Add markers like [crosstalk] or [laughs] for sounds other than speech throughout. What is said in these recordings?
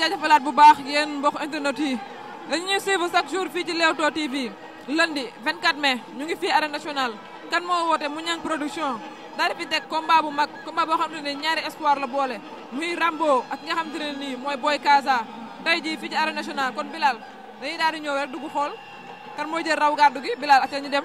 jaajëfalaat bu baax yéen mbokk internet yi dañu ñuy suivre chaque jour fii ci Leewtoo TV lundi 24 mai ñu ngi fii arène national kan moo woote mu ñang production daal di fi teg combat bu mag combat boo xam te ne ñaari espoir la boole muy Rambo ak nga xam te nii mooy Boy Kaza tey jii fii ci arène nationale kon Bilal dañuy daal di ñëw rek dugg xool kan mooy jël raw gàddu gi Bilal ak ñu dem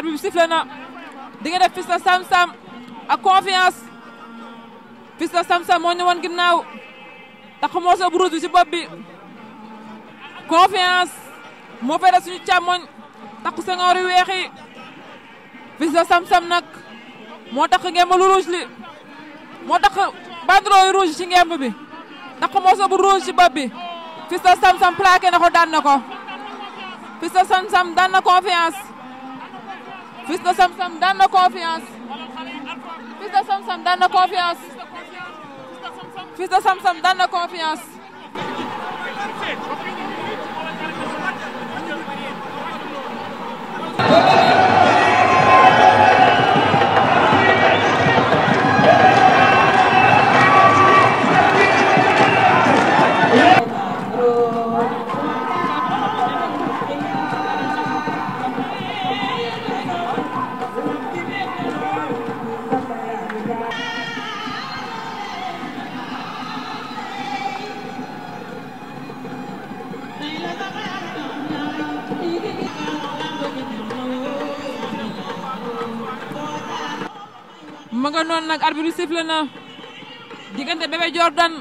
arbitre bi sifflé di nga def Fils de Sam Sam ak confiance Fils de Sam Sam moo ñëwoon ginnaaw tax moo sa ci bopp bi confiance moo fay da suñu càmmoñ takku sengoor yu weex yi Fils de Sam Sam nag moo tax ngemb lu li moo tax banderole rouge ci ngemb bi tax moo sa ci bopp bi Fils de Sam Sam plaqué na ko daan na ko Fils de Sam Sam daan na confiance Fils de Sam Sam daan na confiance. Fils de Sam Sam daan na confiance. Fils de Sam Sam daan na confiance. arbitre sifflé na diggante Bébé Jordan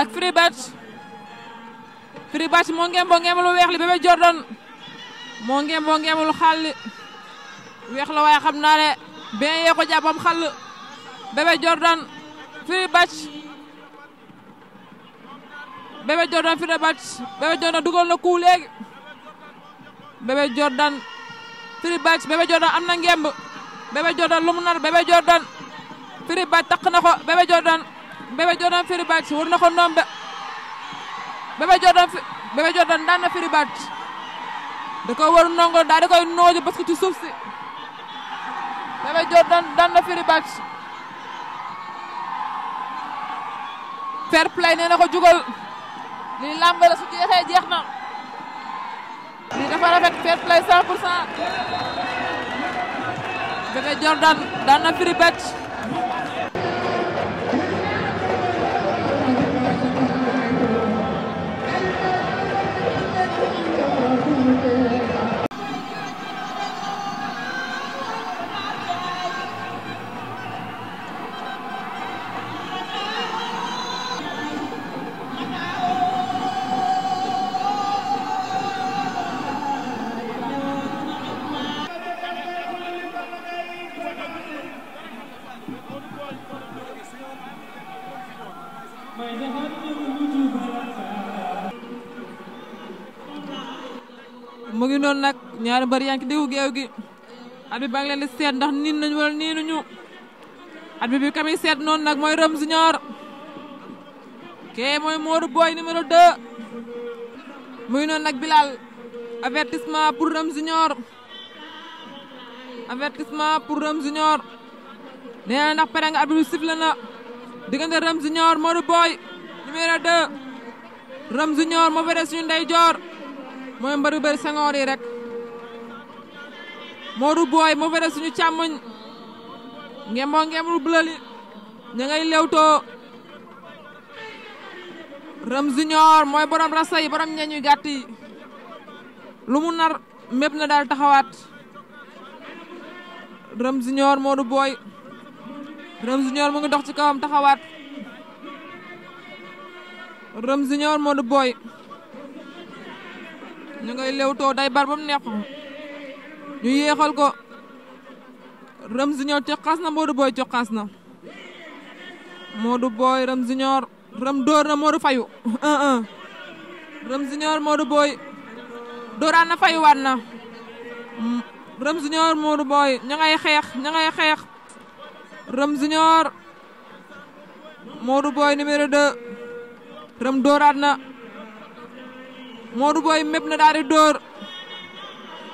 ak Free Bet moo ngeen boo ngeemul weex li Bébé Jordan moo ngeen boo ngeemul weex la waaye xam naa ne bien yee ko jàppam xàll Bébé Jordan Free Bet Bébé Jordan Free na ku léegi Bébé Jordan Free Bet Bébé Jordan am na ngemb Bébé Jordan lu mu nar Bébé Firi Baaj na ko Bébé Jordan Bébé Jordan Firi Baaj war na ko nombe Bébé Jordan Bébé Jordan daan na Firi Baaj war nongo daal koy nooju parce ci suuf si Bébé Jordan daan na Firi Baaj play nee na ko jugal lii làmb la su jeexee jeex na lii dafa rafet fair play 100 pour cent Bébé Jordan daan na ngi nag ñaari mbër yaa ngi diggu géew gi at bi baa seet ndax niin nañu wala niinuñu at bi bi kami seet noon nag mooy Rëm Junior kee mooy Modou Boy numéro 2 muy noonu nag Bilal avertissement pour Rëm Junior avertissement pour Rëm Junior nee na ndax pare nga at bi sifle na diggante Rëm Junior Modou Boy numéro 2 Rëm Junior moo fere suñu ndey joor mooy mbaru bëri sangoor yi rek Modou booy moo fere suñu càmmoñ ngemboo ngemru bulali ña ngay lewtoo Rëm Junior mooy borom rasa yi borom ñeñu gàtt yi lu mu nar mépp na daal taxawaat Rëm Junior Modou Boy Rëm Junior mu ngi dox ci kawam taxawaat Rëm Junior Modou Boy ñu ngay lewtoo day bar ba mu yéexal ko rëm junior coxaas na Modou Boy coxaas na Modou Boy rëm junior rëm dóor na Modou fayu 1-1 rëm junior Modou Boy dóoraan na fayuwaat na rëm junior Modou Boy ña ngay xeex ña ngay xeex rëm junior Modou Boy numéro 2 rëm dóoraat na Modou Boy mépp na daal di dóor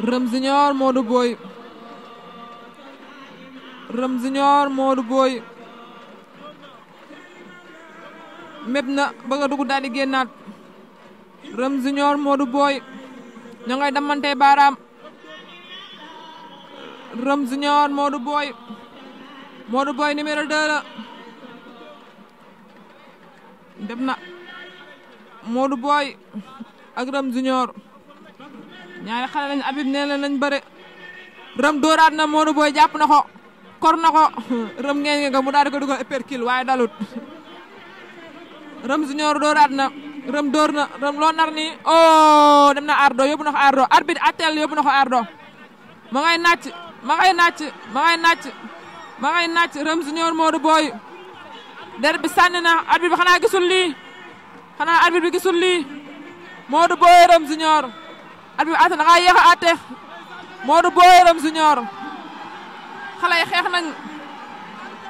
Reum Junior Modou Boy Reum Junior Modou Boy mépp na bëgg a dugg daal di génnaat Reum Junior Modou Boy ñoo ngay damantee baaraam Reum Junior Modou Boy Modou Boy numéro 2 la dem na Modou Boy ak Ram Junior ñaari xale lañ abib nee na bëre Ram dooraat na Modou Boy jàpp na ko kor na ko [laughs] Ram ngeen nga mu daal di ko dugal uppercut waaye dalut Ram Junior dooraat na Ram door na Ram loo nar oh, dem na Ardo yóbbu na ko Ardo arbitre attel yóbbu na ko Ardo ma ngay nàcc ma ngay nàcc ma ngay nàcc ma ngay nàcc Ram Junior Modou Boy der bi sànni na arbitre bi xanaa gisul lii xanaa arbitre bi gisul lii Modou Boy Yaram Junior at bi àtte na nga yéex a àtte Modou Boy Yaram Junior xale yi xeex nañ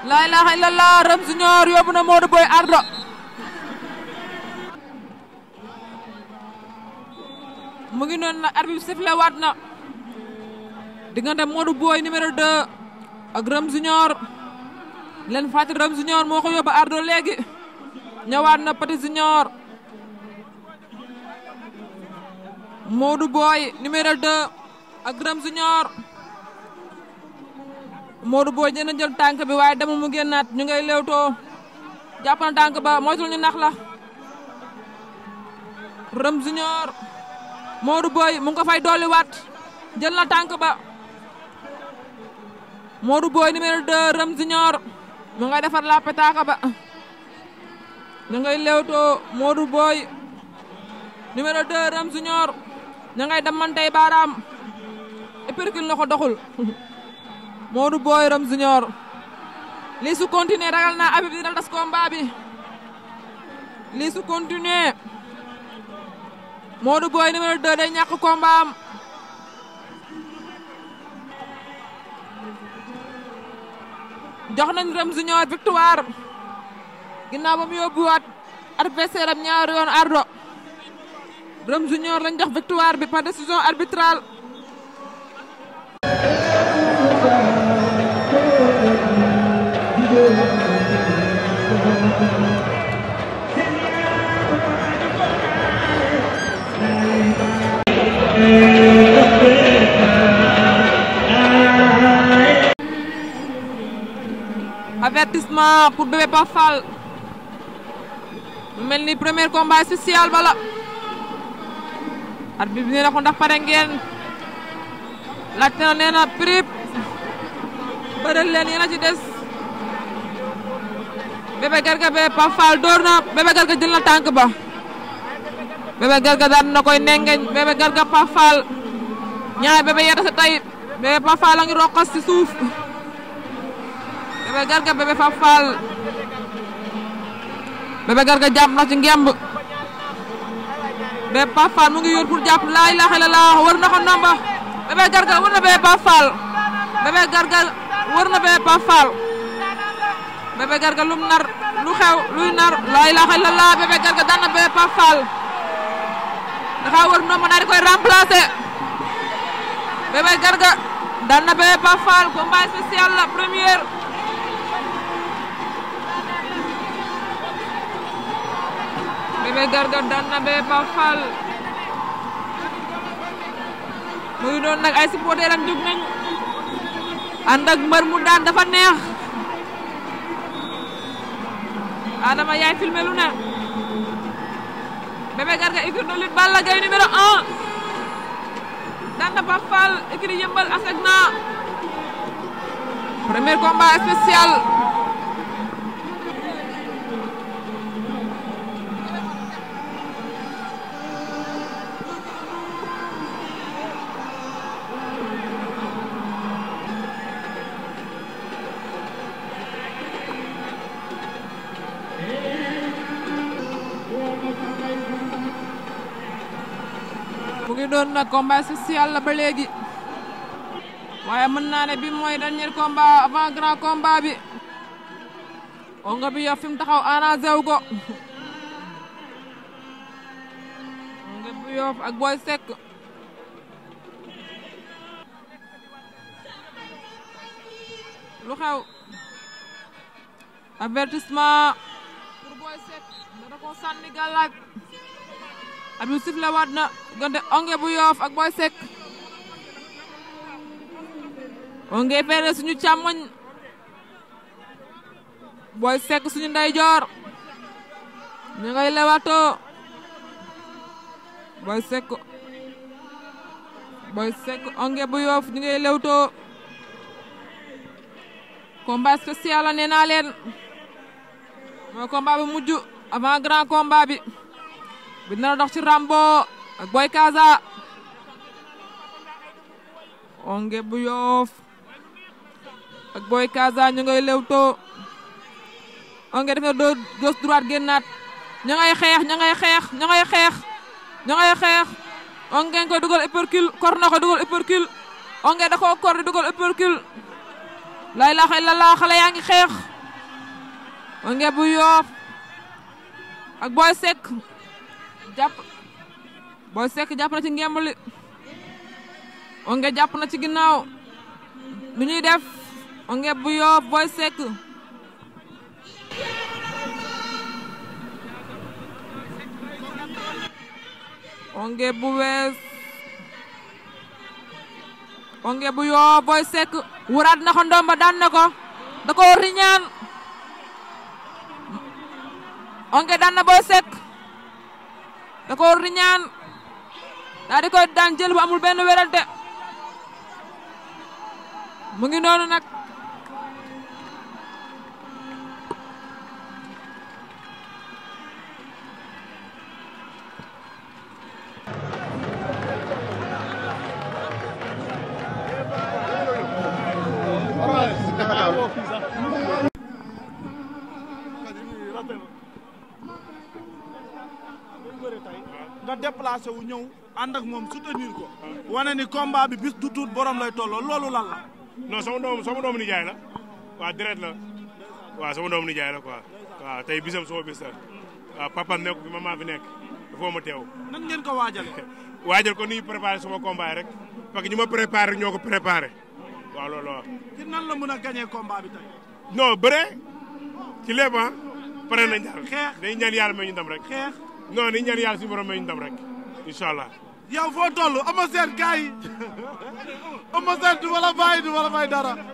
la ilaha illallah Yaram Junior yóbbu na Modou Boy Ardo mu ngi noonu nag arbitre bi sifflé waat na diggante Modou Boy numéro 2 ak Ram Junior leen fàttali Ram Junior moo ko yóbbu Ardo léegi ñëwaat na Petit Junior Modou Boy numéro 2 ak Gërëm Junior Modou Boy dina jël tànk bi waaye demul mu génnaat ñu ngay léewtoo jàpp tànk ba moytul ñu nax la Gërëm Junior Modou Boy mu ngi ko fay dolliwaat jël na tànk ba Modou Boy numéro 2 Gërëm Junior mu ngay defar la petaaka ba ñu ngay léewtoo Modou Boy numéro 2 Gërëm Junior ña ngay damantey baaraam épercule e na ko doxul Modou Boy Rom Junior lii su continuer ragal naa Habib dina tas combat bi lii su continuer Modou Boy numéro 2 day ñàkk combat am jox nañ Rom Junior victoire ginnaaw ba mu yóbbuwaat adversaire am ñaari yoon ardo Birame Junior lañ jox victoire bi par décision arbitrale. avertissement pour bébé Pafal mu mel ni premier combat social bala arbitre bi ko ndax pare ngeen laajte na nee na prip bërel leen yéen a ci des bébé garga be Pape Fall door na bébé garga jël na tànk ba bébé garga daan na koy nengeñ bébé garga Pape Fall ñaare bébé yeta sa tey bébé Pape Fall a ngi roqas ci suuf bébé garga bébé Pape Fall bébé garga jàpp na ci ngemb Bébé Pape Fall mu ngi yor pour jàpp laa ilaaha illallaah war na ko ndomba Bébé Garga war na Bébé Pape Fall Bébé Garga war na Bébé Pape Fall nar lu xew luy nar laa ilaaha illallaah Bébé Garga daan na Bébé Pape Fall dafa war ndomba daal di koy remplacer Bébé Garga daan na Bébé Pape Fall combat spécial la première. Bébé Garga daan na Bébé muy doon nag ay supporter am jóg nañu ànd ak mbër mu daan dafa neex Adama yaay filmé lu ne Bébé Garga écurie Balla Gaye numéro 1 daan na Pape Fall écurie Yeumbeul Asegna premier combat spécial nag combat social la ba léegi waaye mën naa ne bi mooy dernier combat avant grand combat bi onga bi yow taxaw arrangé wu ko lu xew avertissement pour booy sekk da ko sànni gàllaaj at bi sifle na diggante Ongué bu Yoff ak Boy Seck Ongué feere suñu càmmoñ Boy Seck suñu ndeyjoor ñu ngay lewatoo Boy Seck Boy Seck bu Yoff ñu nga lewtoo combat spécial la nee naa leen mooy combat bu mujj avant grand combat bi bi dina dox ci Rambo ak Boy Kaza onge bu yoof ak Boy Kaza ñu ngay lewto onge def na doo gauche droite génnaat xeex ña xeex ña xeex ña onge nga dugal uppercut kor ko dugal uppercut onge da koo dugal uppercut lay la xay la la xale yaa ngi xeex onge bu yoof ak Boy Seck jàpp Boy Seck jàpp na ci ngemb li Ongué jàpp na ci ginnaaw lu ñuy def Ongué bu Yoff Boy Seck Ongué bu wees Ongué bu Yoff Boy Seck wuraat na ko ndomba daan na ko da ko riñaan Ongué daan na Boy Seck da ko di ñaan daa di koy daan jël bu amul benn werante mu ngi noonu nag déplacé wu ñëw ànd ak moom soutenir ko wane ni combat bi bis du tuut borom lay tolloo loolu lan la. non sama doom sama doomu nijaay la waa deret la waaw sama doomu nijaay la quoi waaw tey bisam sama bis la waaw papa nekk bi maman fi nekk foo ma teew. nan ngeen ko waajal. [laughs] waajal ko ni préparé sama combat rek parce que ñu ma préparé ñoo ko préparé waaw loolu ci nan la mën a gagné combat bi tey. ci lépp ah pare na daal. xeex yàlla may ñu ndam rek. xeex non dañuy ñaan yàlla ñu ndam rek. incha allah. foo toll Eumeu Sène gars [laughs] yi Eumeu du ma la du ma la dara.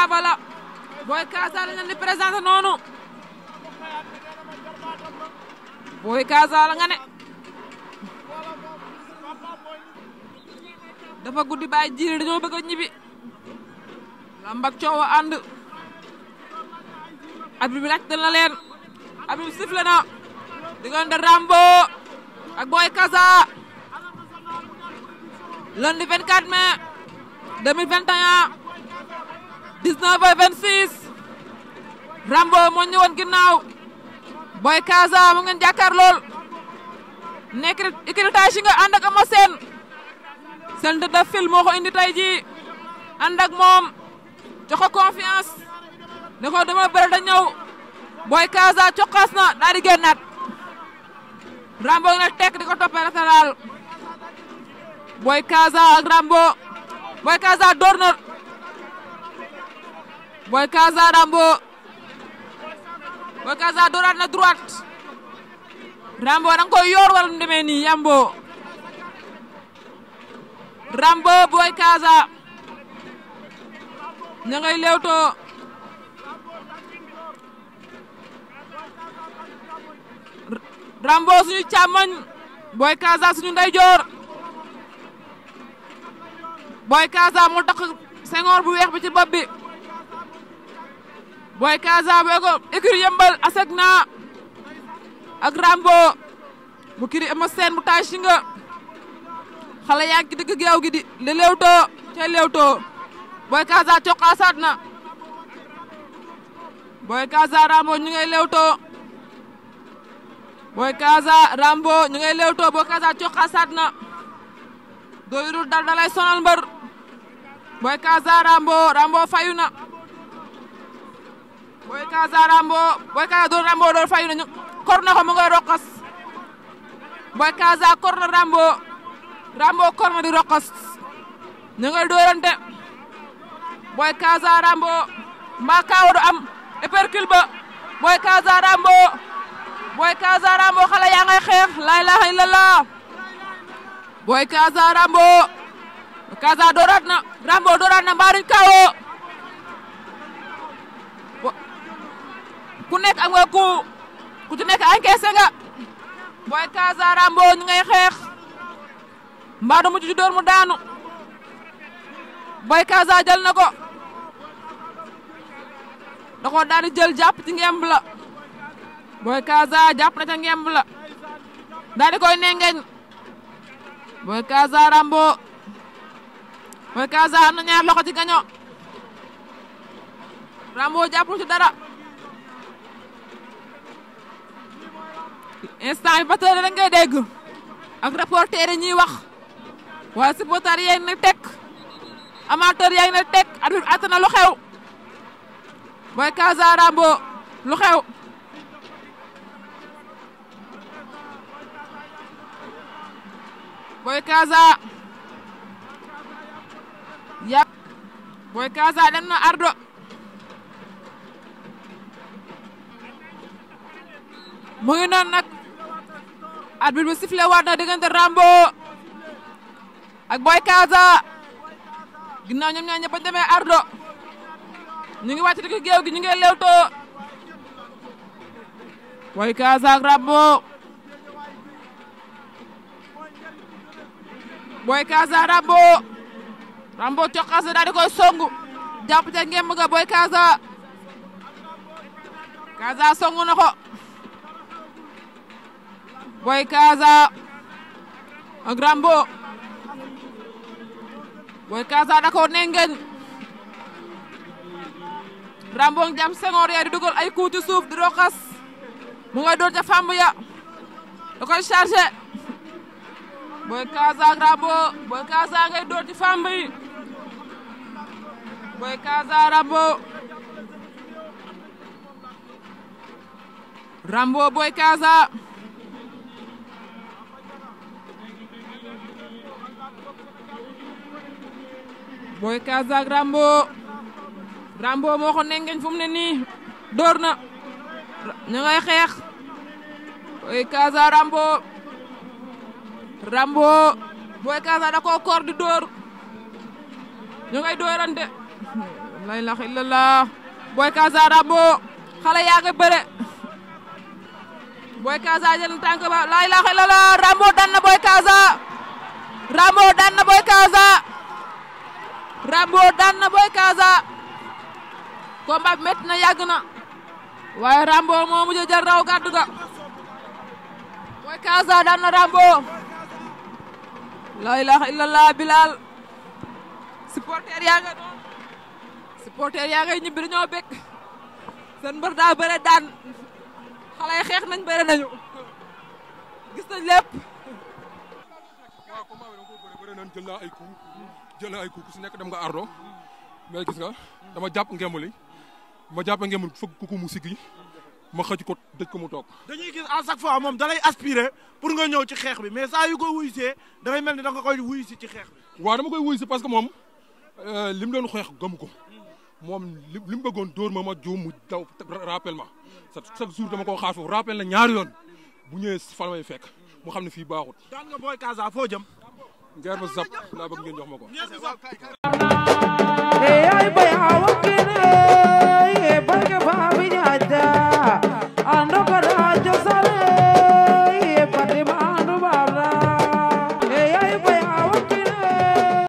baaba la booy Kaasa la ngeen di noonu booy Kaasa la nga dafa guddi baay jiiri dañoo bëgg a ñibbi lambak coow a abib laaj na leen abib sifle na diggante Rambo ak booy Kaasa lundi 24 mai 2021 19 heures 26 Rambo moo ñëwoon ginnaaw Boy Kaza mu ngeen jàkkaar lool nekk écritage yi nga ànd ak seen ndëdda fil moo ko indi tey jii ànd moom jox ko confiance ne ko dama bëre da Boy Kaza coxaas na daal di génnaat Rambo nag tekk di toppee latéral Boy Kaza Rambo Boy Kaza door Boy Casa Rambo Boy Casa dooraat na droite Rambo da nga koy yor wala mu demee nii Yambo Rambo Boy Casa ña ngay leewtoo Rambo suñu càmmoñ Boy Casa suñu ndeyjoor Boy Casa moo tax bu weex bi ci bopp booy Kaasa booy ko écurie yëmbal asek naa ak Rambo bu kiri ama seen bu taaj si nga xale yaa ngi ci digg géew gi di li léewtoo na booy Kaasa Rambo ñu ngay léewtoo booy Kaasa Rambo na dooyurul dal dalay mbër booy Kaasa Rambo Rambo fayu na Boy Kaza Rambo Boy Kaza door Rambo door fayu nañu ko mu ngay Boy Kaza kor na Rambo Rambo di rokkos ñu ngay Boy Kaza Rambo mbaa kaawa am épercule Boy Kaza Rambo Boy Kaza Rambo xale yaa ngay xeex illallah Boy Kaza Rambo Kaza dooraat na Rambo dooraat na mbaa kaawoo ku nekk am nga ku ku ci nekk encaissé nga booy Casa Rambo ñu ngay xeex mbaa du mujj ci dóor mu daanu booy Casa jël na ko da koo daal jël jàpp ci ngemb la booy Casa jàpp na ca ngemb la daal koy nengeñ booy Casa Rambo booy Casa am na ñaar ci gaño Rambo jàppul ci dara instant yi bateau rek ngay ak reporter yi ñuy wax waaye supporter yaa ngi ne tekk amateur yaa ngi ne tekk arbitre bi àtt lu xew booy Casa Rambo lu xew. booy Casa ya booy Casa dem na ardo mu ngi noonu arbitre bi sifflé waat na diggante Rambo ak Boy Kaza ginnaaw ñoom ñaar ñëpp bañ demee Ardo ñu ngi wàcc di géew gi ñu ngi lewtoo Boy Kaza ak Rambo Boy Kaza Rambo Rambo coxaas na daal di koy songu jàpp ca ngemb ga Boy Kaza Kaza songu na Boy Kaasa ak Rambo Boy Kaasa da koo nengeñ jam sengoor ya di dugal ay coup suuf di roxas mu ngay doon ca famb ya da koy Boy Kaasa ak Rambo Boy Kaasa ngay doon ci famb yi Boy Kaasa Rambo Rambo Boy Kaasa Boy Kaza ak Rambo Rambo moo ko nengeñ fu ne nii dóor na ñu ngay xeex Boy Kaza Rambo Rambo Boy Kaza da koo di dóor ñu ngay dóorante la ilaha illallah Boy Kaza Rambo xale yaa nga Boy Kaza jël tànk ba la ilaha illallah Rambo dan Boy Kaza Rambo dan Boy Kaza Rambo daan na Boy Kaza combat bi métti na yàgg na waaye Rambo moo mujj jël raw ga Boy Kaza daan na Rambo la ilaha illallah Bilal supporter yaa nga noonu supporter yaa ngay ñibbi dañoo bég seen mbër daa bëre daan xale xeex nañ bëre nañu gis nañ lépp man jël ay coups jël ay coups ku si nekk dem nga ardo mais gis nga dama jàpp ngemb li ma jàpp ngemb li fëgg kuku mu siggi ma xëcc ko dëj ko mu toog. dañuy gis à chaque fois moom dalay aspirer pour nga ñëw ci xeex bi mais saa yu ko wuyusee dafay mel ni da nga koy wuyusi ci xeex bi. waaw dama koy wuy wuyusi parce que moom euh, li mu doon xeex gëmu ko moom li li mu bëggoon dóor ma ma juum mu daw rappel ma chaque jour dama koo xaar foofu rappel na ñaari yoon bu ñëwee fan may fekk mu xam fii baaxut. daan nga ngeer ba zap laa bëgg ngeen jox ma ko yaay bay awa kene barke fa bi ñaata